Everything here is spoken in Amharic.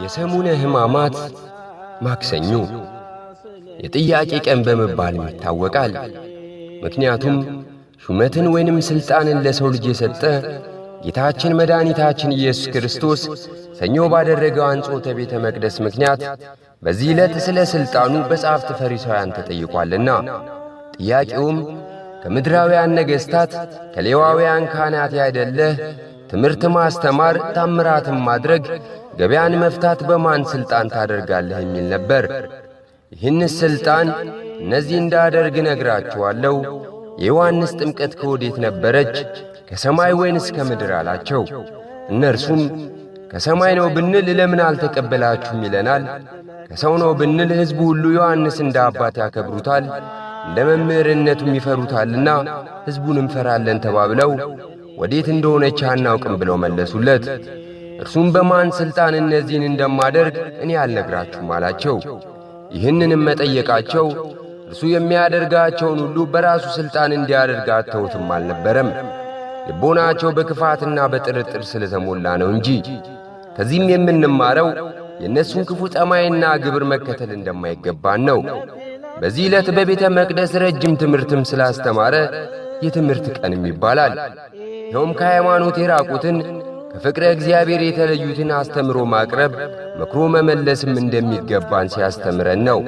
የሰሙነ ሕማማት ማክሰኞ የጥያቄ ቀን በመባልም ይታወቃል። ምክንያቱም ሹመትን ወይንም ሥልጣንን ለሰው ልጅ የሰጠ ጌታችን መድኃኒታችን ኢየሱስ ክርስቶስ ሰኞ ባደረገው አንጾተ ቤተ መቅደስ ምክንያት በዚህ ዕለት ስለ ሥልጣኑ በጻፍት ፈሪሳውያን ተጠይቋልና ጥያቄውም ከምድራውያን ነገሥታት ከሌዋውያን ካህናት ያይደለ ትምህርት ማስተማር፣ ታምራትን ማድረግ፣ ገበያን መፍታት በማን ሥልጣን ታደርጋለህ የሚል ነበር። ይህን ሥልጣን እነዚህ እንዳደርግ ነግራችኋለሁ። የዮሐንስ ጥምቀት ከወዴት ነበረች? ከሰማይ ወይንስ ከምድር አላቸው። እነርሱም ከሰማይ ነው ብንል ለምን አልተቀበላችሁም ይለናል። ከሰው ነው ብንል ሕዝቡ ሁሉ ዮሐንስ እንደ አባት ያከብሩታል። ለመምህርነቱ ይፈሩታልና ሕዝቡን እንፈራለን ተባብለው ወዴት እንደሆነች አናውቅም ብለው መለሱለት። እርሱም በማን ሥልጣን እነዚህን እንደማደርግ እኔ አልነግራችሁም አላቸው። ይህንንም መጠየቃቸው እርሱ የሚያደርጋቸውን ሁሉ በራሱ ሥልጣን እንዲያደርግ አተውትም አልነበረም። ልቦናቸው በክፋትና በጥርጥር ስለ ተሞላ ነው እንጂ። ከዚህም የምንማረው የእነሱን ክፉ ጠማይና ግብር መከተል እንደማይገባን ነው። በዚህ ዕለት በቤተ መቅደስ ረጅም ትምህርትም ስላስተማረ የትምህርት ቀንም ይባላል። ይኸውም ከሃይማኖት የራቁትን ከፍቅረ እግዚአብሔር የተለዩትን አስተምሮ ማቅረብ፣ መክሮ መመለስም እንደሚገባን ሲያስተምረን ነው።